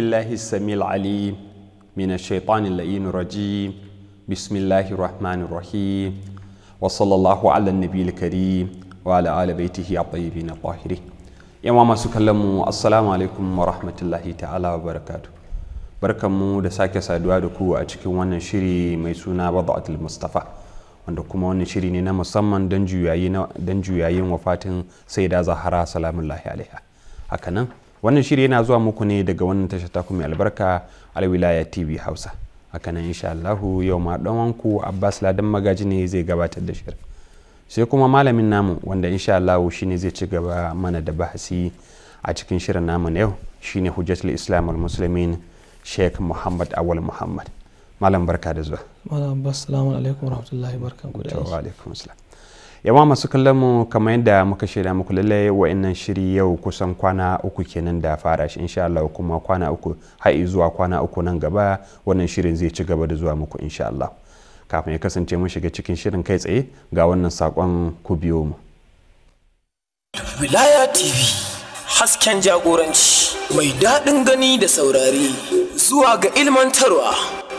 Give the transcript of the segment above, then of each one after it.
بالله السميع العليم من الشيطان اللئيم الرجيم بسم الله الرحمن الرحيم وصلى الله على النبي الكريم وعلى آل بيته الطيبين الطاهرين يا ماما السلام mu ورحمة الله تعالى rahmatullahi ta'ala barakatu mu da sake saduwa da ku a cikin wannan shiri mai suna bada'atul mustafa wanda kuma wannan shiri ne na musamman don juyayin wafatin saida zahara salamun lahi alaiha hakanan wannan shiri yana zuwa muku ne daga wannan tashar ta kuma albarka alwilaya tv hausa hakanan insha allahu yau ma dan wanku abbas ladan magaji ne zai gabatar da shirin sai kuma malamin namu wanda insha allahu shine zai ci gaba mana da bahasi a cikin shirin namu na yau shine hujjatul islam al muslimin sheikh muhammad awal muhammad malam barka da zuwa malam barkan ku da alaikum yawa masu kallon mu kamar yadda muka shaida muku lallai wa'annan shiri yau kusan kwana uku kenan da fara shi insha Allah kuma kwana uku har zuwa kwana uku nan gaba wannan shirin zai ci gaba da zuwa muku insha Allah kafin ya kasance mun shiga cikin shirin kai tsaye ga wannan sakon ku biyo mu Wilaya TV hasken jagoranci mai daɗin gani da saurari zuwa ga ilmantarwa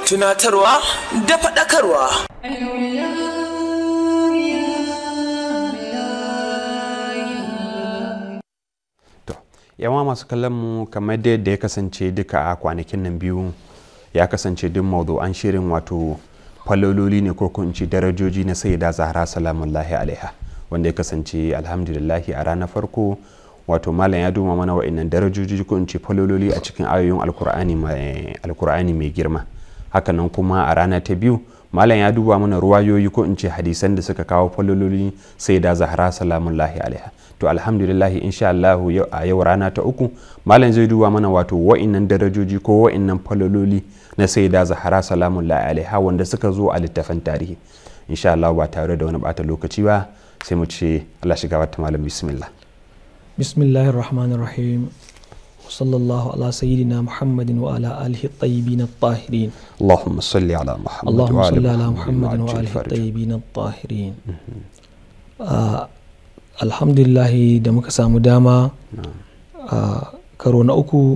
tunatarwa da faɗakarwa yawa masu kallon mu kamar da yadda ya kasance duka a kwanakin nan biyu ya kasance duk an shirin wato falololi ne ko kunci darajoji na sayyida zahra salamullahi alaiha wanda ya kasance alhamdulillahi a ranar farko wato malam ya duma mana wa'annan darajoji ko in ce falololi a cikin ayoyin alkur'ani mai girma hakanan kuma a rana ta biyu malam ya duba mana ruwayoyi ko in ce hadisan da suka kawo falololi sai da zahra lahi alaiha to alhamdulillahi insha Allah a yau rana ta uku malam zai duba mana wato wa'innan darajoji ko wa'innan falololi na sai da zahra lahi alaiha wanda suka zo a littafan tarihi insha Allah ba tare da wani bata lokaci ba sai mu ce Allah shiga wata malam bismillah bismillahir rahmanir rahim وصلى الله على سيدنا محمد وعلى آله الطيبين الطاهرين اللهم صل على محمد اللهم صل على محمد وعلى وآله الطيبين الطاهرين الحمد لله da muka samu dama a ah, karo na uku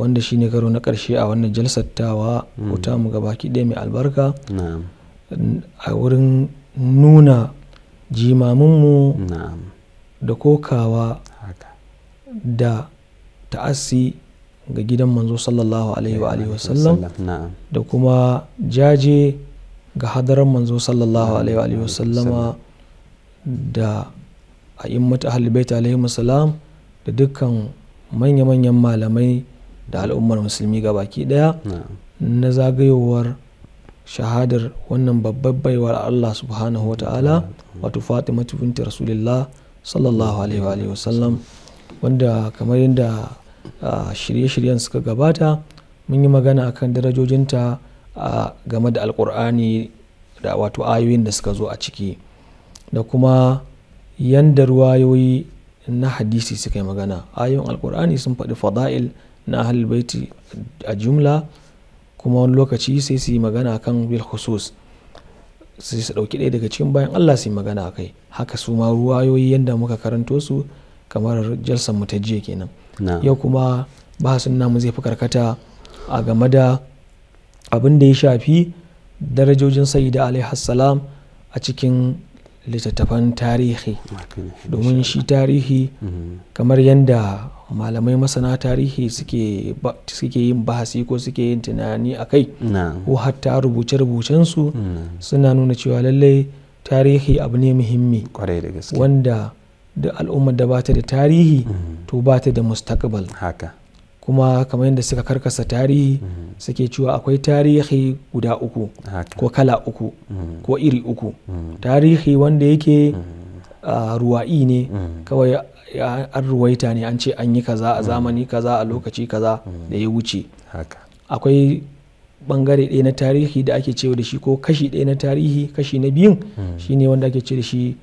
wanda shine karo na karshe a wannan jalsar tawa wuta mm. mu gabaki ɗaya mai albarka a wurin nuna jimaminmu da kokawa da ta'assi ga gidan manzo sallallahu alaihi wa sallam wasallam da kuma jaje ga hadarar manzo sallallahu alaihi wa sallam wasallama da a'immatu ahlulbait alaihi salam da dukkan manya-manyan malamai da al'ummar musulmi ga baki daya na zagayowar shahadar wannan babbar baiwar Allah subhanahu wa ta'ala wato Fatima binti Rasulullah sallallahu alaihi wa sallam wanda kamar yadda shirye-shiryen suka gabata mun yi magana akan darajojinta a game da alkur'ani da wato ayoyin da suka zo a ciki da kuma yanda ruwayoyi na hadisi suka yi magana ayoyin alkur'ani sun faɗi fada'il na halibaiti a jumla kuma wani lokaci sai su yi magana akan bil khusus sai su ɗauki ɗaya daga cikin bayan allah su yi magana kai haka su ma ruwayoyi yanda muka karanto su kamar jalsan mu ta jiya kenan yau kuma bahasin namu zai fi karkata a game da abin da ya shafi darajojin sayyida alaihi a cikin littattafan tarihi domin shi tarihi mm-hmm. kamar yadda malamai masana tarihi suke yin bahasi ko suke yin tunani a kai ko hatta rubuce-rubucensu mm. suna nuna cewa lallai tarihi abu ne muhimmi wanda da al'ummar da bata da tarihi mm-hmm. to bata da mustaqbal haka kuma kamar yadda suka karkasa tarihi mm-hmm. suke cewa akwai tarihi guda uku ko kala uku mm-hmm. ko iri uku tarihi wanda yake ah, ruwa'i ne kawai an ruwaita ne an ce an yi kaza a zamani kaza a lokaci kaza da ya wuce akwai bangare ɗaya na tarihi da ake cewa da shi ko kashi ɗaya na tarihi kashi na biyun shine wanda ake ce da shi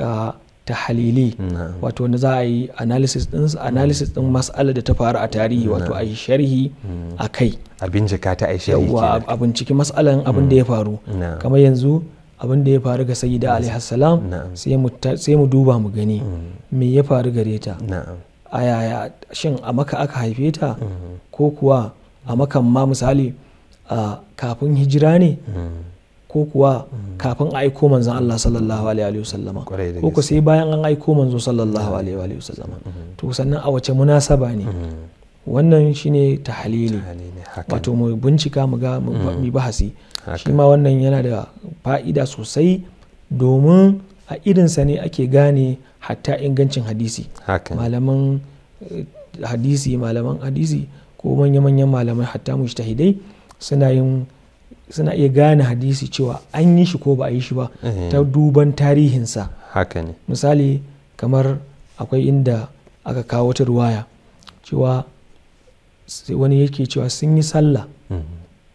ah, ta halili wato wanda za a yi analysis din analysis din mas'ala da ta faru a tarihi wato a yi sharhi mm. a kai abin jika ta a yi sharhi yawa a binciki mas'alan abin da ya mm. faru kamar yanzu abin da ya faru ga sayyida alaihi salam sai mu duba mu gani mm. me ya faru gare ta a yaya shin a maka aka haife ta ko kuwa a maka ma misali kafin hijira ne ko kuwa kafin a aiko manzon Allah sallallahu alaihi wa sallama ko ku sai bayan an aiko manzo sallallahu mm. alaihi wa sallama mm. to sannan a wace munasaba ne mm. wannan shine tahlili wato mu bincika mu ga mu bahasi shi ma wannan yana da fa'ida sosai domin a irinsa ne ake gane hatta ingancin hadisi malaman eh, hadisi malaman hadisi ko manya-manyan malamai hatta mujtahidai suna yin suna iya gane hadisi cewa an yi shi ko ba a yi shi ba ta duban tarihinsa haka ne misali kamar akwai inda aka kawo ta ruwaya cewa wani yake cewa sun yi sallah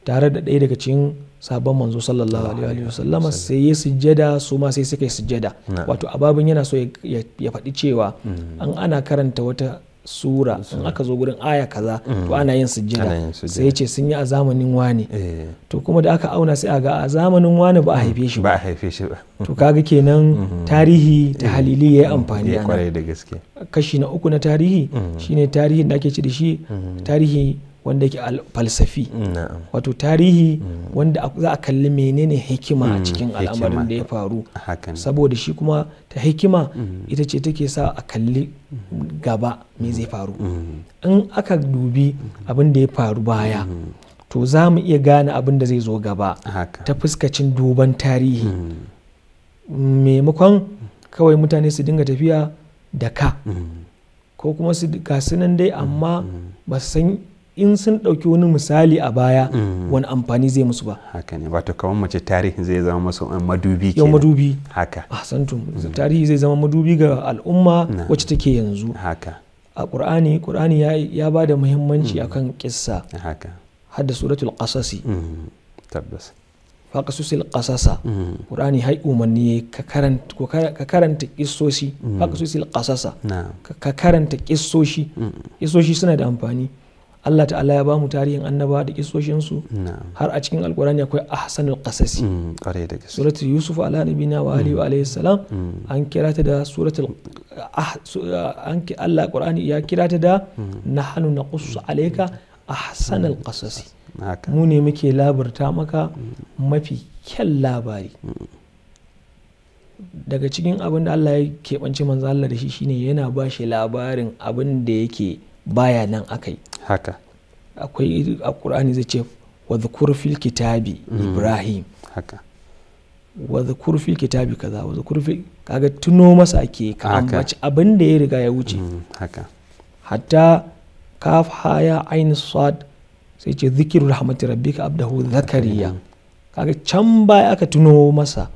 tare da ɗaya daga cikin sabon manzo sallallahu alaihi wasallama sai ya sujjada su ma sai suka yi sujjada wato ababin yana so ya faɗi cewa hmm. an ana karanta wata sura in aka zo gurin aya kaza to mm. ana yin sujjada sai ya ce sun yi a zamanin wani eh. to kuma da aka auna sai a ga a zamanin wani mm. ba a haife shi ba to kaga kenan mm-hmm. tarihi eh. ta halili ya yi amfani eh, kashi na uku na tarihi mm. shine tarihin da ake ci da shi tarihi wanda yake falsafi wato tarihi mm. wanda za a kalli menene hikima a mm, cikin al'amarin da ya faru saboda shi kuma ta hikima mm. ita ce take sa a kalli gaba me zai faru in aka dubi abin da ya faru baya to za mu iya gane abin da zai zo gaba ta fuskacin duban tarihi maimakon kawai mutane su dinga tafiya da ka ko kuma su ga nan dai amma ba su san in sun ɗauki wani misali a baya mm. wani amfani zai musu ba haka ne wato kamar mace tarihi zai zama masu eh, madubi yau madubi haka santu mm. tarihi zai zama madubi ga al'umma wacce take yanzu haka a qur'ani ƙur'ani ya ba da muhimmanci mm. akan kissa haka hadda suratul qasasi tabbas faƙasusil ƙasasa ƙur'ani hai umarni ka karanta ƙisoshi faƙasusil ƙasasa ka karanta ƙisoshi ƙisoshi suna da amfani Allah ta'ala ya bamu tarihin annaba da kisoshinsu har a cikin alkurani akwai ahsanul qasasi mm, suratul yusuf ala nabina wa wa mm. alayhi salam mm. an kira ta da suratul ah, ah, an Allah qur'ani ya kira ta da nahnu naqussu alayka ahsanul qasasi mu ne muke labarta maka mafi kyan labari daga cikin abin da Allah ya keɓance manzo Allah da shi shine yana ba shi labarin abin da yake baya nan akai haka akwai a qur'ani zai ce wa dhkur fil kitabi mm. ibrahim haka wa dhkur fil kitabi kaza wa dhkur fil kaga tuno masa ake ka ambaci abin da ya riga ya wuce mm, haka hatta kaf haya ain sad sai ce zikiru rahmati rabbika abdahu zakariya kaga can baya aka tuno masa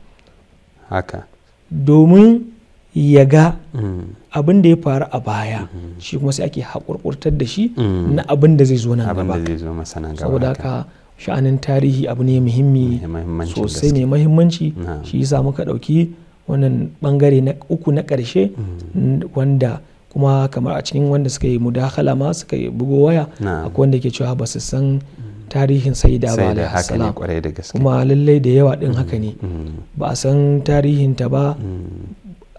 haka domin ya ga mm. abin da ya faru a baya mm. shi kuma sai ake haƙurƙurtar da shi mm. na abin da zai zo nan gaba saboda haka sha'anin tarihi abu ne muhimmi sosai ne mahimmanci shi yasa muka ɗauki wannan ɓangare na uku na ƙarshe wanda kuma kamar a cikin wanda suka yi mudakala ma suka yi bugo waya akwai wanda ke cewa ba su san tarihin sai da ba salam kuma lallai da yawa ɗin haka ne ba a san tarihinta ba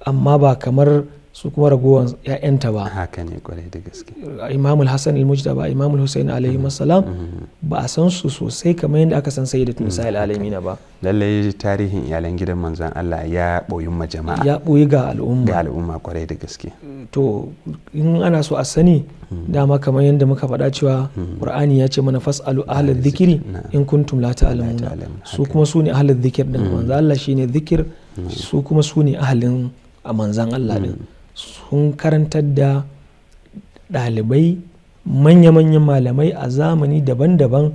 amma ba kamar su kuma ragowar ‘ya'yanta ba haka ne kwarai da gaske imamul hassan ilmujda ba imamul hussein alaihi masalam mm-hmm. ba a san su sosai kamar yadda aka san sayyidatu mm-hmm. nisa alamina ba lallai tarihin iyalan gidan manzan allah ya boyi ma jama'a ya boyi ga al'umma ga al'umma kwarai da gaske to in ana so a sani mm-hmm. dama kamar yadda muka faɗa cewa qur'ani ya ce mana fasalu ahlal dhikri in kuntum la ta'lamuna su kuma su ne ahlal dhikr din manzo allah shine dhikr su kuma su ne ahalin a manzan Allah din hmm. sun karantar da ɗalibai manya-manyan malamai a zamani daban-daban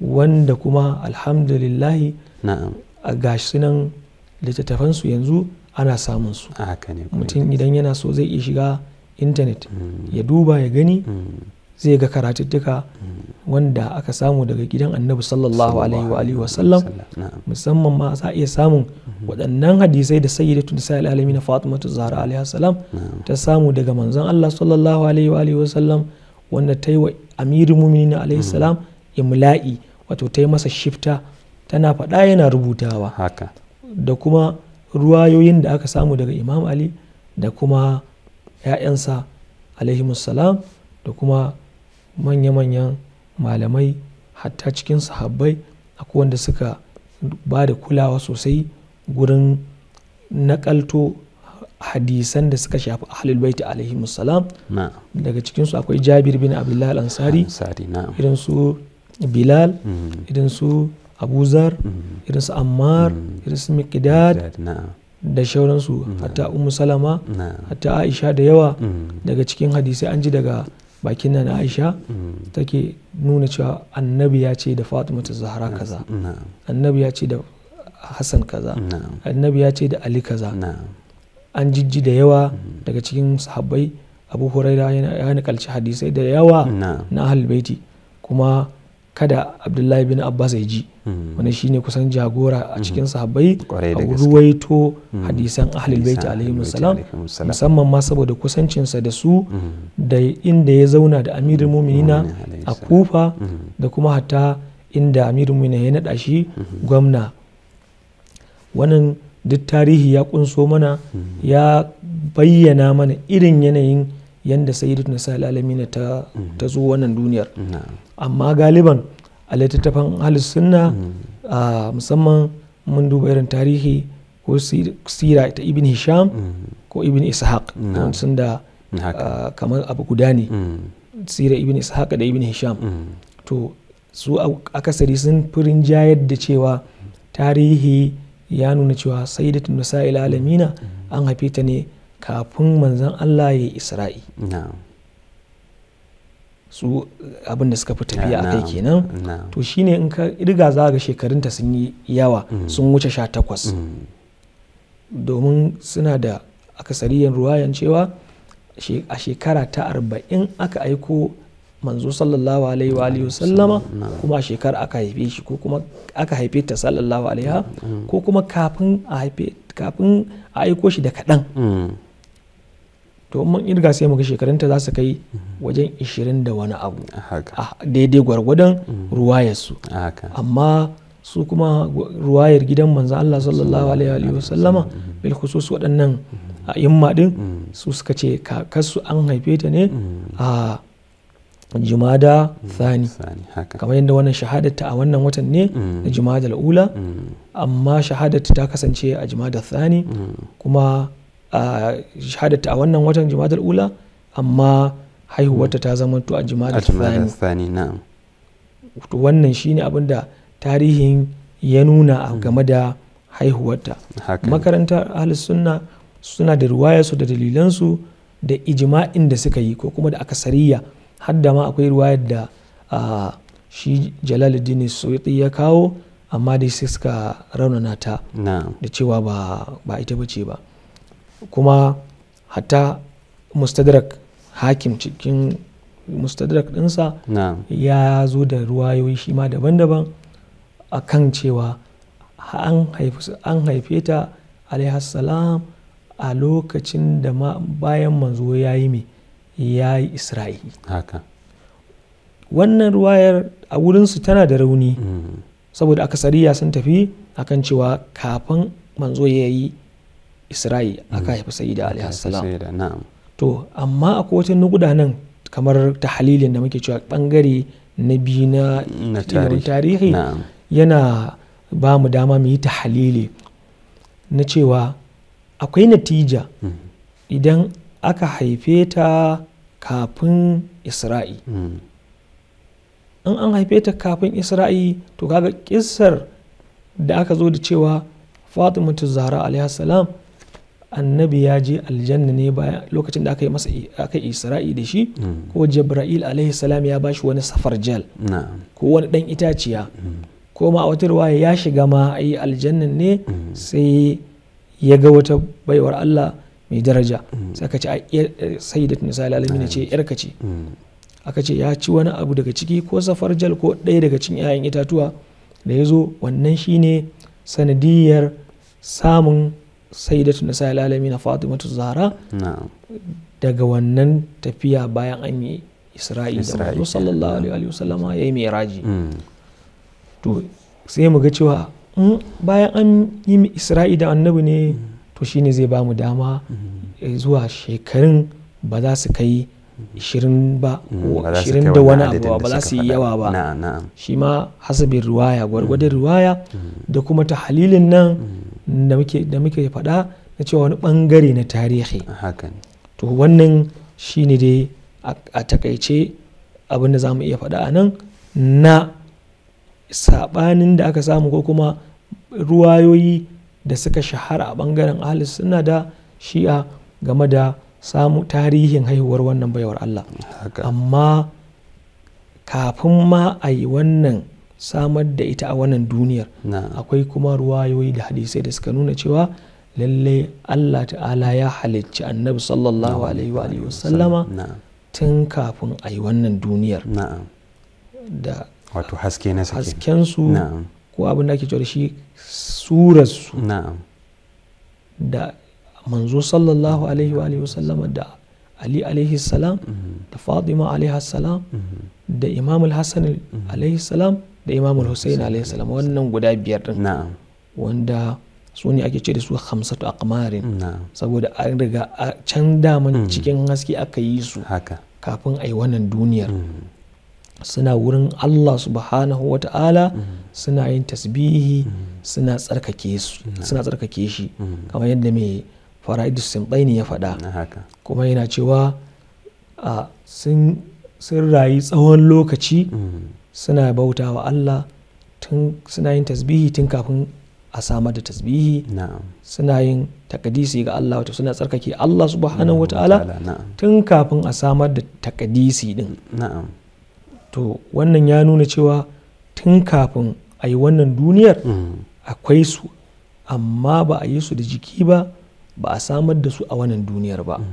wanda kuma alhamdulillahi a gashi nan littattafansu yanzu ana samun su mutum idan yana so zai iya shiga intanet hmm. ya duba ya gani hmm. zai ga karatuttuka wanda aka samu daga gidan annabi sallallahu alaihi wa sallam musamman ma za iya samun waɗannan hadisai da sayyidatu da sai alalami na fatimatu zahra alaihi salam ta samu daga manzon Allah sallallahu alaihi wa sallam wanda ta yi wa amirul mu'minin alaihi mm. salam imla'i wato ta yi masa shifta tana faɗa yana rubutawa da kuma ruwayoyin da aka samu daga imam ali da kuma 'ya'yansa alaihi salam da kuma manya-manyan malamai hatta cikin sahabbai akwai wanda suka ba da kulawa sosai gurin nakalto hadisan da suka shafi ahlul baiti alaihi musallam daga cikinsu akwai jabir bin abdullahi al-ansari irin su bilal mm. irin su abuzar mm. irin su ammar mm. irin su miqdad da shauransu hatta ummu salama hatta aisha da yawa daga cikin hadisai an ji daga bakin nan aisha mm. take nuna cewa annabi ya ce da fatima ta zahara kaza annabi ya ce da hassan kaza annabi ya ce da ali kaza an jijji da yawa mm. daga cikin sahabbai abu huraira ya nakalci hadisai da yawa na ahlul baiti kuma kada abdullahi bin abbas ya ji hmm. wani shine kusan jagora a hmm. cikin sahabbai a ruwaito hmm. hadisan ahlul bait alaihi musamman ma saboda kusancinsa da su da inda ya zauna da amirul mu'minina a kufa da kuma hatta inda amirul mu'minina ya naɗa shi gwamna wannan duk tarihi ya kunso mana ya bayyana mana irin yanayin yanda sayyidatu sahal alamina ta mm-hmm. ta zo wannan duniyar amma galiban a littattafan ahlus sunna mm-hmm. musamman mun duba irin tarihi ko sira ta ibn hisham mm-hmm. ko ibn ishaq sun da kamar abu guda ne sira ibn ishaq da ibn hisham to su akasari sun firin jayar da cewa tarihi ya nuna cewa sayyidatun nasa'il alamina an haife ta ne kafin manzan Allah ya yi isra'i su abinda suka fi tafiya a kai kenan to shine in ka riga za ga shekarunta sun yi yawa mm. sun wuce sha takwas mm. domin suna da akasariyan ruwayan cewa a shekara ta arba'in aka aiko manzo sallallahu alaihi wa alihi sallama kuma a shekara aka haife shi ko kuma aka haife ta sallallahu alaiha mm. ko kuma kafin a haife kafin a aiko shi da kaɗan to mun irga sai ga shekarunta za su kai mhm. wajen 20 da wani abu a daidai gwargwadon mhm. ruwayarsu amma su kuma ruwayar gidan manzo Allah sallallahu alaihi wa sallama bil khusus waɗannan mhm. imma din su suka ce kakarsu an haife ta ne a jimada thani kamar yadda wannan ta a wannan watan ne na jimada ula amma shahadar ta kasance a jimada thani kuma a shahadata a wannan watan jimadar ula amma haihuwarta ta zama to a jimadar thani wannan shine abin da tarihin ya nuna a hmm. game da haihuwarta makaranta ahlus sunna suna da su da dalilansu da ijima'in da suka yi ko kuma da akasariya har da ma akwai ruwaya da shi jalaluddin suyuti ya kawo amma dai suka raunana ta da cewa ba ita bace ba kuma hatta mustadrak hakim cikin mustadrak ɗinsa ya zo da ruwayoyi shi ma daban-daban a kan cewa an haife ta alaihassalam a lokacin da bayan manzo ya yi mai ya yi isra'i wannan ruwayar a wurinsu tana da rauni mm. saboda akasariya sun tafi akan cewa kafin manzo ya yi isra'i mm. aka haifi sayyida alaihi salam to amma a kowace nuguda nan kamar ta halilin da muke cewa bangare na biyu na tarihi yana ba mu dama mu yi ta halili na cewa akwai natija mm. idan aka haife ta kafin isra'i mm. in an haife ta kafin isra'i to kaga kissar da aka zo da cewa fatimatu zahra alaihi salam annabi ya je aljanna ne bayan lokacin da aka yi masa aka isra'i da shi mm. ko jibril alaihi salam ya bashi wani safarjal ko wani dan itaciya mm. ko ma a wata ya shiga ma a yi aljannan ne mm. sai ya ga wata baiwar Allah mai daraja sai ka ce sai eh, da misali alamin ce yarka ce aka ce ya ci wani abu daga ciki ko safarjal ko ɗaya daga cikin 'ya'yan itatuwa da ya zo wannan shine sanadiyar samun sayyidatu nisa na fatimatu zahara daga wannan tafiya bayan an yi isra'i da manzo sallallahu alaihi wasallam ya yi miraji mm. to sai mu ga cewa bayan an yi isra'i da annabi ne mm. to shine zai ba mu dama mm. eh, zuwa shekarun ba za su kai shirin ba ko da wani abu ba za su yi yawa ba shi ma hasabin ruwaya gwargwadon ruwaya da kuma ta halilin nan da muke faɗa na cewa wani ɓangare na tarihi to wannan shi ne dai a takaice abin da za mu iya faɗa a nan na saɓanin da aka samu ko kuma ruwayoyi da suka shahara a ɓangaren ahalis suna da shi'a game da samu tarihin haihuwar wannan baiwar Allah amma kafin ma a yi wannan samar da ita a wannan duniyar akwai kuma ruwayoyi da hadisai da suka nuna cewa lallai Allah ta'ala ya halicci annabi sallallahu alaihi wa sallama tun kafin a yi wannan duniyar da wato haske na haskensu ko abin da ake cewa shi surarsu da manzo sallallahu alaihi wa sallama da ali alaihi salam mhm. da fatima mhm. mhm. alaihi salam da imam al-hassan alaihi salam da imamul hussein alaihi salam wannan guda biyar din wanda su ne ake ce da su hamsatu a kamarin saboda an riga a can daman hmm. cikin haske aka yi su kafin a yi wannan duniyar hmm. suna wurin Allah subhanahu wa ta'ala hmm. suna yin tasbihi suna tsarkake suna tsarkake shi kamar yadda mai fara'idu simbaini ya faɗa kuma yana cewa sun rayu tsawon lokaci suna bauta wa Allah suna yin tasbihi tun kafin a samar da tasbihi suna yin takadisi ga Allah wato suna tsarkake Allah subhanahu wataala tun kafin a samar da takadisi din to wannan ya nuna cewa tun kafin a yi wannan duniyar mm. akwai su amma ba a yi su da jiki ba ba a samar da su a wannan duniyar ba mm.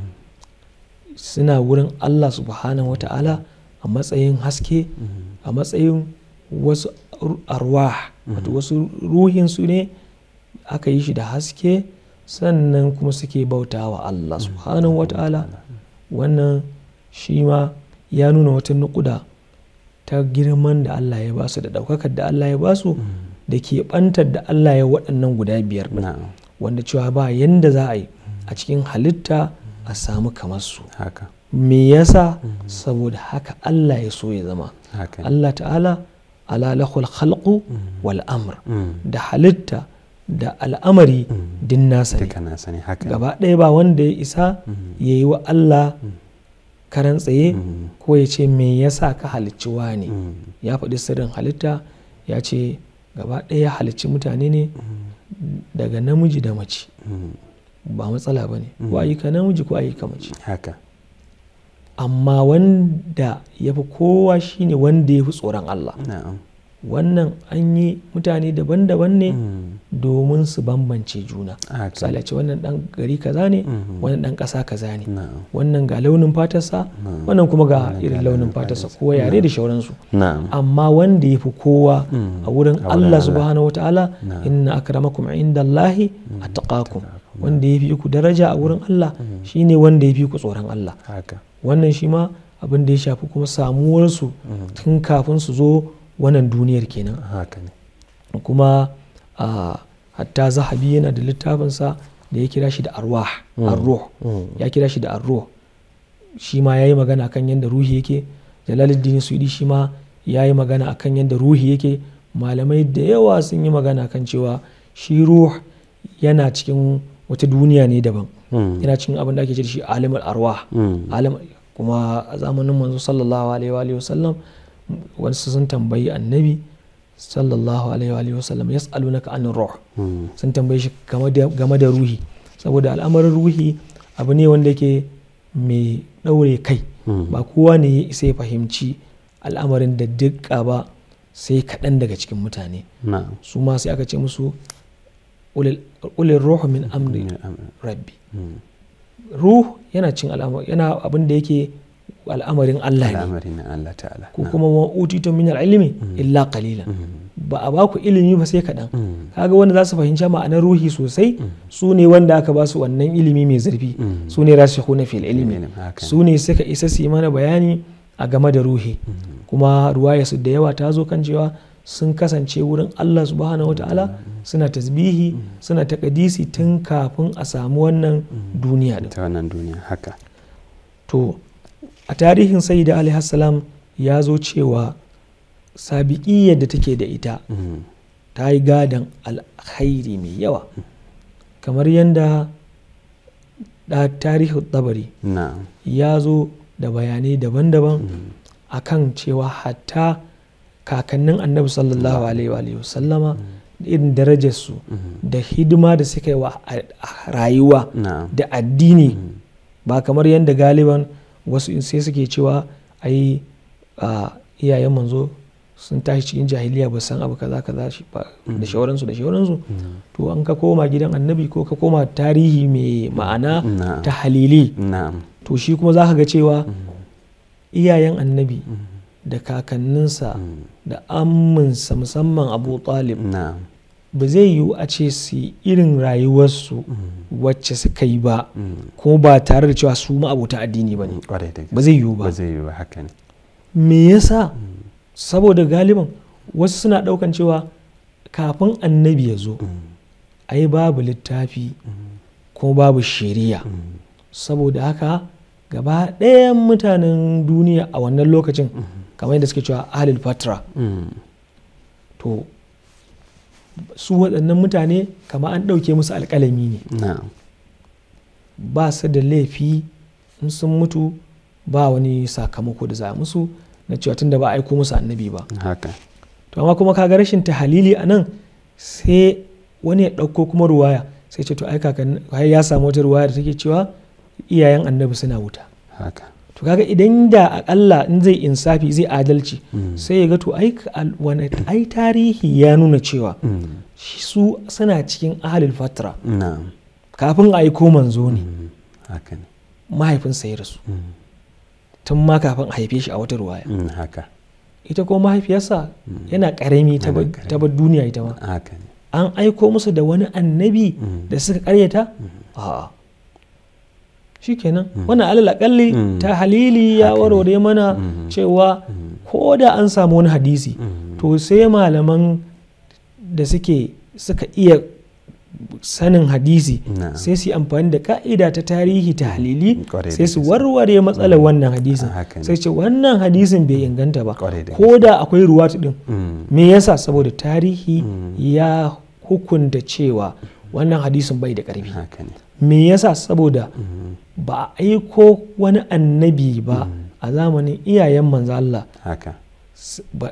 suna wurin Allah subhanahu wataala a matsayin haske mm. a matsayin wasu arwa wato mm-hmm. wasu su ne aka yi shi da haske sannan kuma suke bauta wa Allah mm-hmm. subhanahu wata'ala mm-hmm. wannan shi ma ya nuna wata nukuda ta girman da Allah ya basu da ɗaukakar da Allah ya basu da ke bantar da Allah ya waɗannan guda biyar ɗin wanda cewa ba yanda za a yi a cikin halitta a samu kamar su haka me yasa mm-hmm. saboda haka Allah ya so ya zama Allah ta'ala ala lahul khalqu mm-hmm. wal amr mm-hmm. da halitta da al'amari din nasa ne gaba ɗaya ba wanda ya isa ya yi wa Allah karan tsaye ko ya ce me yasa ka halicci ne ya faɗi sirrin halitta ya ce gaba ɗaya halicci mutane ne daga namiji da mace ba matsala ba ne ko ayyuka namiji ko ayyuka mace amma wanda ya fi kowa shine wanda ya fi tsoron Allah wannan an yi mutane daban-daban ne mm. domin su bambance juna ah, misali ce wannan dan gari kaza ne mhm. wannan dan kasa kaza ne wannan ga launin fatarsa wannan kuma ga irin launin fatarsa ko yare da shauransu amma wanda ya fi kowa mm. a wurin Allah subhanahu wataala inna akramakum indallahi mm. attaqakum wanda ya fi ku daraja a wurin Allah mm. shine wanda ya fi ku tsoron Allah wannan shi ma abin da ya shafi kuma samuwarsu tun kafin su zo wannan duniyar kenan kuma a ah, hatta zahabi yana da littafinsa da ya kira shi da arwah hmm. arruh hmm. ya kira shi da arruh shi ma yayi magana kan yadda ruhi yake jalaluddin suidi shi ma yayi magana akan yadda ruhi yake malamai da yawa sun yi magana kan cewa shi ruh yana cikin wata duniya ne daban hmm. yana cikin abin da ake ce da shi alimul arwah kuma a zamanin manzo sallallahu alaihi wa sallam wani sun tambayi annabi sallallahu alaihi wa sallam na ka'anin ruh hmm. sun tambaye shi game da ruhi saboda al'amarin ruhi abu ne wanda yake mai ɗaure kai hmm. ba kowa ne ya isa ya fahimci al'amarin da dukka ba sai kaɗan daga cikin mutane su ma sai aka ce musu ulil ruhu min amri rabbi hmm. ruh yana cin al'amarin yana abin da yake al'amarin Allah ne Allah ta'ala ko kuma wa utitu min al-ilmi mm. illa qalila mm. ba a baku ilimi ba sai kaɗan mm. kaga wanda zasu su fahimci ma'anar ruhi sosai su ne wanda aka ba su wannan ilimi mai zurfi su ne na fil ilimi su ne suka isa su yi mana bayani a game da ruhi kuma ruwaya su da yawa ta zo kan cewa sun kasance wurin Allah subhanahu wataala suna tasbihi suna takadisi tun kafin a samu wannan duniya ta wannan duniya haka to a tarihin sayyida alaihi ya zo cewa sabiƙiyar da take da ita mm. ta yi gadon alkhairi mai yawa kamar yadda da tarihin tsabari ya zo da bayanai daban-daban mm. a kan cewa hatta kakannin annabi sallallahu alaihi sallama mm. irin darajarsu da hidima da suka yi wa rayuwa da addini ba kamar yadda galiban wasu sai suke cewa ai iyayen manzo sun tashi cikin jahiliya ba san abu kaza kaza mm. da shawaransu da shawaransu mm. to an ka koma gidan annabi ko ka koma tarihi mai ma'ana ta halili to shi kuma za ka ga cewa mm. iyayen annabi da kakanninsa da amminsa musamman abu talib ba zai yiwu a ce su irin rayuwarsu mm. wacce suka yi ba mm. ko ba tare da cewa su ma'abota addini ba ne ba zai yiwu ba me yasa mm. saboda galiban wasu suna daukan cewa kafin annabi ya zo ai babu littafi ko babu shari'a saboda haka gaba ɗayan mutanen duniya a wannan lokacin kamar yadda suke cewa ahlul fatra to su waɗannan mutane kama an ɗauke musu alƙalami ne ba su da laifi in sun mutu ba wani sakamako da za musu na cewa tun da ba aiko musu annabi ba to amma kuma kaga rashin tahalili a nan sai wani ya ɗauko kuma ruwaya sai ce to ai ya samu wata ruwaya da take cewa iyayen annabi suna wuta haka to kaga idan da akalla in zai insafi zai adalci sai ya ga to ai ai tarihi ya nuna cewa su suna cikin ahalil fatra kafin a yi koman zo mm-hmm. ne mahaifinsa ya rasu mm-hmm. tun ma kafin a haife shi a wata ruwaya mm, ita ko mahaifiyarsa mm-hmm. yana karami ta bar duniya ita ma an aiko musu da wani annabi da suka karyata a'a shikenan mm. wannan alal akalli mm. ta halili ya warware mana mm. cewa ko da an samu wani hadisi to sai malaman da suke suka iya sanin hadisi sai su yi amfani da ka'ida ta tarihi ta halili sai su warware matsalar wannan hadisin sai ce wannan hadisin bai inganta ba ko da akwai ruwa din me yasa saboda tarihi ya hukunta cewa wannan hadisin bai da ƙarfi me yasa saboda ba a aiko wani annabi ba a zamanin iyayen manzo Allah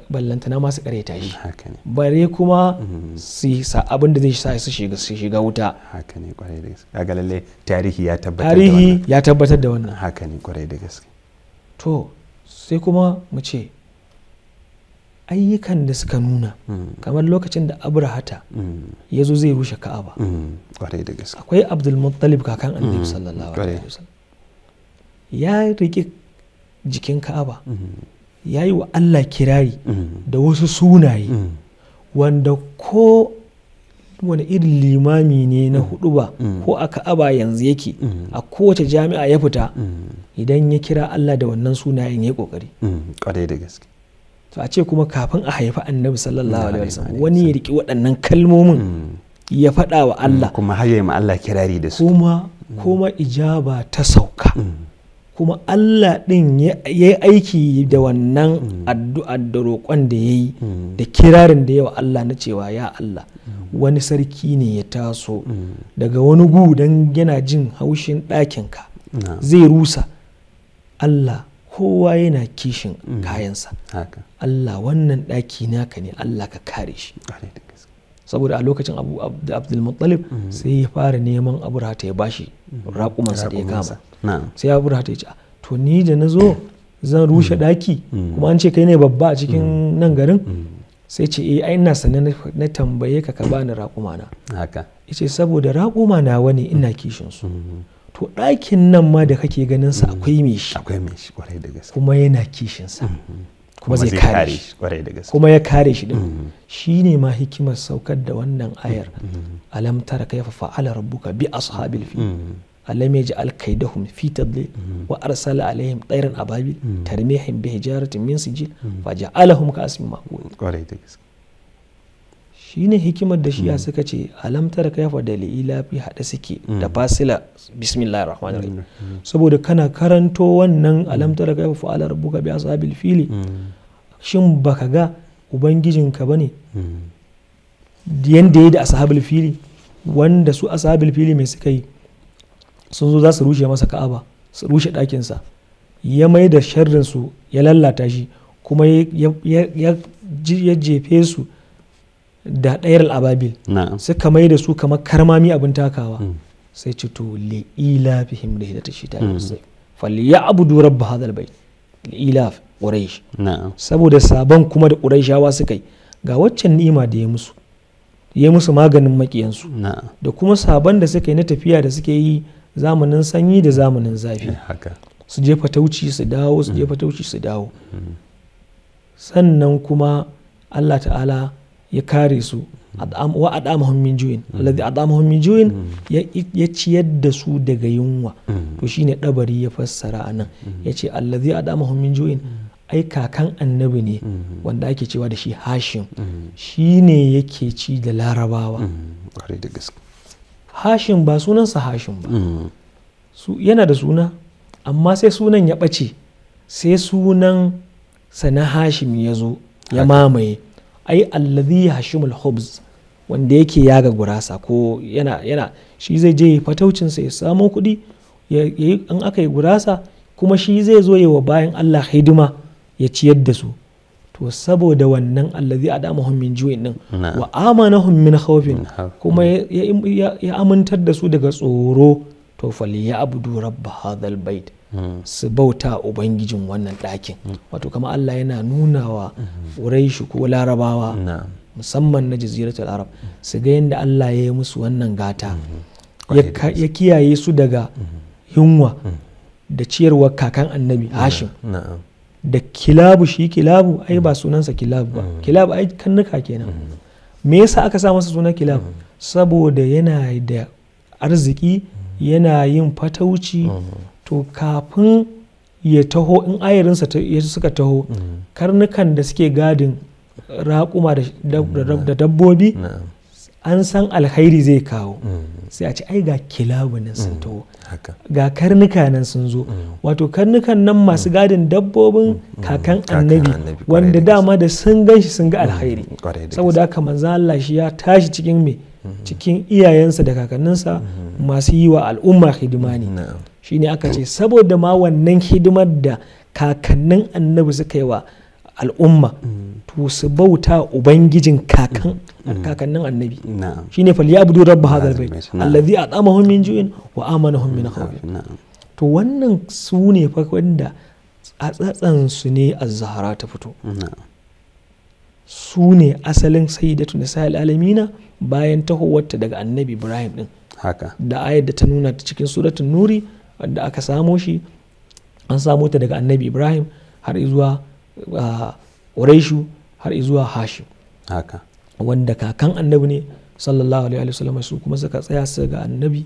ballantana masu kareta shi bare kuma mhm. su sa abin da zai sa su shiga su shiga wuta haka ne kwarai da gaske kaga lalle tarihi ya tabbatar da wannan tarihi ya tabbatar da wannan haka ne kwarai da gaske to sai kuma mu ce ayyukan da suka nuna hmm. kamar lokacin da abrahata hmm. ya zo zai rushe ka'aba hmm. akwai abdulmuttalib kakan annabi sallallahu alaihi ya riƙe jikin ka'aba ya yi wa allah kirari da wasu sunaye wanda ko wani irin limami ne na hudu ba ko a ka'aba yanzu yake a kowace jami'a ya fita idan ya kira allah da wannan sunayen ya yi ƙoƙari to a ce kuma kafin a haifi annabi sallallahu alaihi wasallam wani ya riki waɗannan kalmomin hmm. ya faɗa wa hmm, Allah kuma har Allah kirari da su kuma hmm. kuma ijaba ta sauka kuma Allah ɗin ya yi aiki da wannan addu'ar da roƙon da ya yi da kirarin da yawa Allah na cewa ya Allah wani sarki ne ya taso daga wani gudan don yana jin haushin ɗakinka zai rusa Allah kowa yana kishin mm. kayansa Allah wannan ɗaki naka ne Allah ka kare shi saboda a lokacin abu da muttalib mm. sai ya fara neman aburhata ya bashi mm. raƙumansa da ya kama sai aburhata ya ce ah, to ni da na zo zan rushe ɗaki kuma an ce kai ne babba a cikin nan garin sai ce eh ai ina sanin na tambaye ka ka bani raƙumana haka yace saboda raƙuma nawa ne ina kishin su to ɗakin nan ma da kake ganin sa akwai mai shi akwai mai shi kwarai da gaske kuma yana kishin sa mm-hmm. kuma zai kare shi kwarai da gaske kuma ya kare shi din mm-hmm. shine ma hikimar saukar da wannan ayar mm-hmm. alam tara kayfa fa'ala rabbuka bi ashabil fi alam yaj'al kaidahum fi tadlil wa arsala alaihim tayran ababil tarmihim bi hijaratin min sijil fa ja'alahum ka asmi ma'qul kwarai da gaske shine hikimar da shiya hmm. suka ce alamtar kaifa da li'ila fi hada suke hmm. da fasila bismillahir rahmanir rahim hmm. saboda kana karanto wannan alamtar kaifa fa'ala rabbuka bi ashabil fili shin baka ga ubangijinka bane yanda yayi da ashabul fili wanda su ashabul fili mai suka yi sun zo za su rushe masa ka'aba su rushe ɗakinsa ya mai da sharrin su ya lallata shi kuma ya jefe su da ɗayar ababil suka mai da su kamar karmami abin takawa mm. sai ci to li'ila him da hidata shi ta mm. falle ya abudu rabba hadal bai li'ila quraish saboda sabon kuma da ƙuraishawa suka yi ga waccan ni'ima da ya musu ya musu maganin makiyansu da kuma sabon da suka yi na tafiya da suke yi zamanin sanyi da zamanin zafi eh, su je fatauci su dawo su je mm. fatauci su dawo sannan kuma Allah ta'ala ya kare su wa ad'amahum min ju'in mm. alladhi ad'amahum min ju'in mm. ya ciyar da su daga yunwa mm. to shine dabari ya fassara anan yace alladhi ad'amahum min ju'in ai kakan annabi ne wanda ake cewa da shi hashim shine yake ci da larabawa hashim ba sunansa hashim ba yana da suna amma sai sunan ya ɓace sai sunan sa na hashim ya zo ya mamaye ai alladhi hashimul hubs wanda yake yaga gurasa ko yana yana shi zai je fataucin sa ya samo kuɗi in aka yi gurasa kuma shi zai zo yi wa bayan Allah hidima ya ciyar da su to saboda wannan alladhi adamahum min ju'in din wa amanahum min khawfin kuma ya amintar da su daga tsoro to fali ya abudu rabb hadha bait su bauta ubangijin wannan ɗakin wato kama Allah yana nuna nunawa shi ko Larabawa musamman na jaziratul Arab su ga yadda Allah ya yi musu wannan gata ya kiyaye su daga yunwa da ciyarwa kakan annabi Hashim da kilabu shi kilabu ai ba sunansa kilabu ba mm. kilabu ai kannuka kenan mm. me yasa aka sa masa suna kilabu mm. saboda yana da arziki yana yin fatauci to kafin ya taho in ayarinsa suka taho mm. karnukan da suke gadin raƙuma da mm. dabbobi mm. an san alkhairi zai kawo sai a ci ai ga kilabu sun taho ga karnuka nan sun zo wato karnukan nan masu gadin dabbobin kakan annabi wanda dama da sun gan sun ga alkhairi saboda haka manzo Allah shi ya tashi cikin me cikin iyayensa da kakanninsa masu yi wa al'umma hidima ne shine aka ce saboda ma wannan hidimar da kakannin annabi suka yi wa al'umma to su bauta ubangijin kakan kakannin annabi shine fal ya'budu rabb hadhal bait allazi at'amahum min ju'in wa amanahum min khawf to wannan su ne fa wanda a tsatsan su ne az-zahra ta fito su ne asalin sayyidatu nisa alamina bayan tahowarta daga annabi ibrahim din haka da ayar da ta nuna ta cikin suratul nuri wadda aka samo shi an samo ta daga annabi ibrahim har zuwa ƙureshu har zuwa hashim wanda kakan annabi ne sallallahu alaihi wasallam su kuma suka tsaya su ga annabi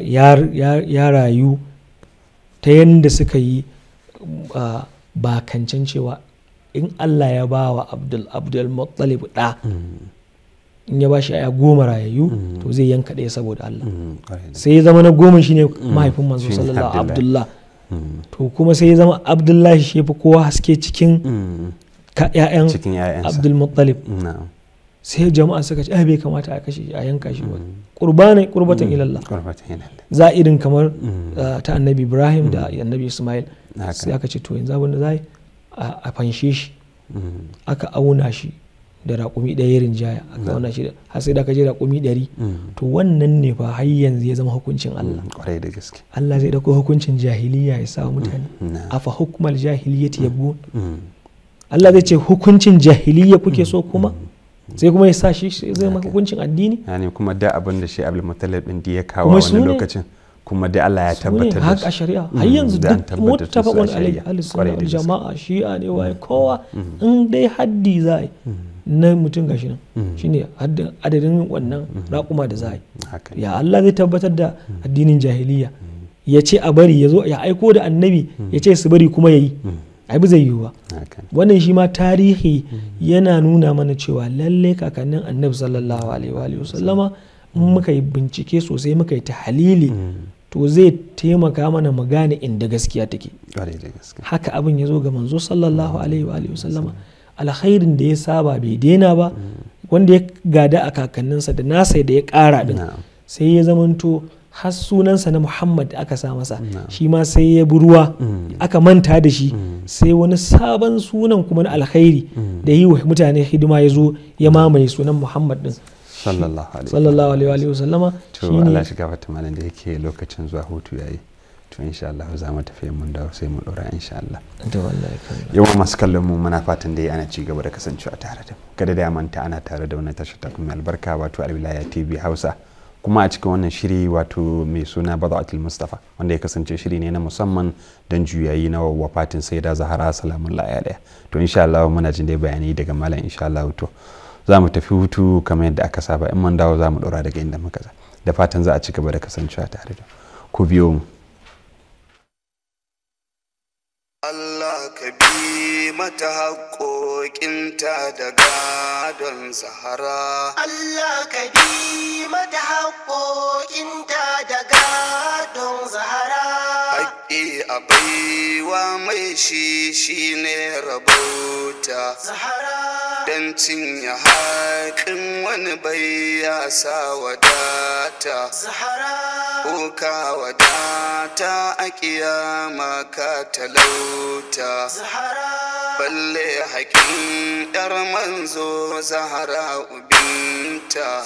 ya rayu ta yadda suka yi bakancan cewa in allah ya ba wa abdul abdul muttalib ɗa hmm. in ya ba shi aya goma rayayyu mm. to zai yanka ɗaya saboda Allah mm. sai ya zama na goma shine mm. mahaifin manzo sallallahu abdullah to kuma sai ya zama abdullahi shi fi kowa haske cikin ƴaƴan abdul muttalib sai jama'a suka ce bai kamata a kashe a yanka shi ba qurbana qurbatan ilallah za irin kamar uh, ta annabi ibrahim da annabi ismail sai aka ce to yanzu abin da za a fanshe shi aka auna shi da raƙumi ɗaya ya jaya a kauna shi har sai da ka je raƙumi ɗari mm. to wannan ne fa har yanzu ya zama hukuncin mm, Allah ƙwarai da gaske Allah zai ɗauko hukuncin jahiliya ya sa mm, mutane a fa hukumar jahiliya ta yabo Allah zai ce hukuncin jahiliya kuke so kuma sai kuma ya sa shi zai maka hukuncin addini ne kuma da abin da shi abu Muttalib din ya kawo a lokacin kuma da Allah ya tabbatar da haka shari'a har yanzu duk muttafaqun alayhi al-sunna jama'a shi'a ne wai kowa in dai haddi za a yi na mutum gashi nan hmm. shi ne adadin wannan hmm. raƙuma da za a yi ya Allah zai tabbatar da hmm. addinin jahiliya ya ce a bari ya zo ya aiko da annabi ya ce su bari kuma ya yi ai zai yi ba wannan shi ma tarihi yana nuna mana cewa lalle kakannin annabi sallallahu alaihi wa in muka yi bincike sosai muka yi tahalili to zai taimaka mana mu gane inda gaskiya take haka abin ya zo ga manzo sallallahu alaihi wa alkhairin da ya saba bai daina ba wanda ya gada a kakanninsa da nasa da ya kara din sai ya zamanto har sunansa na muhammad aka sa masa shi ma sai ya bi ruwa mm. aka manta da shi mm. sai wani sabon sunan kuma na alkhairi mm. da yi wa mutane hidima ya zo ya mamaye sunan muhammad din sallallahu alaihi wa shi ne da yake lokacin zuwa hutu to insha Allah za mu tafi mun da sai mu dora insha Allah to wallahi masu kallon mu muna fatan dai ana ci gaba da kasancewa tare da mu kada da manta ana tare da wannan tashar ta kuma albarka wato alwilaya TV Hausa kuma a cikin wannan shiri wato mai suna Bada'atul Mustafa wanda ya kasance shiri ne na musamman don juyayi na wafatin Sayyida Zahara salamun laya daya to insha Allah muna jin dai bayani daga malam insha Allah to za mu tafi hutu kamar yadda aka saba in mun dawo za mu dora daga inda muka da fatan za a ci gaba da kasancewa tare da ku biyo mu ka bi mata haƙoƙinta da gadon zahara Allah ka bi mata haƙoƙinta da gadon zahara haƙƙi a baiwa mai shi shi ne rabota zahara don cinye haƙin wani bai ya sa wada zahara ka wadata a kiyama ka talauta balle haƙin 'yar manzo zahara ubinta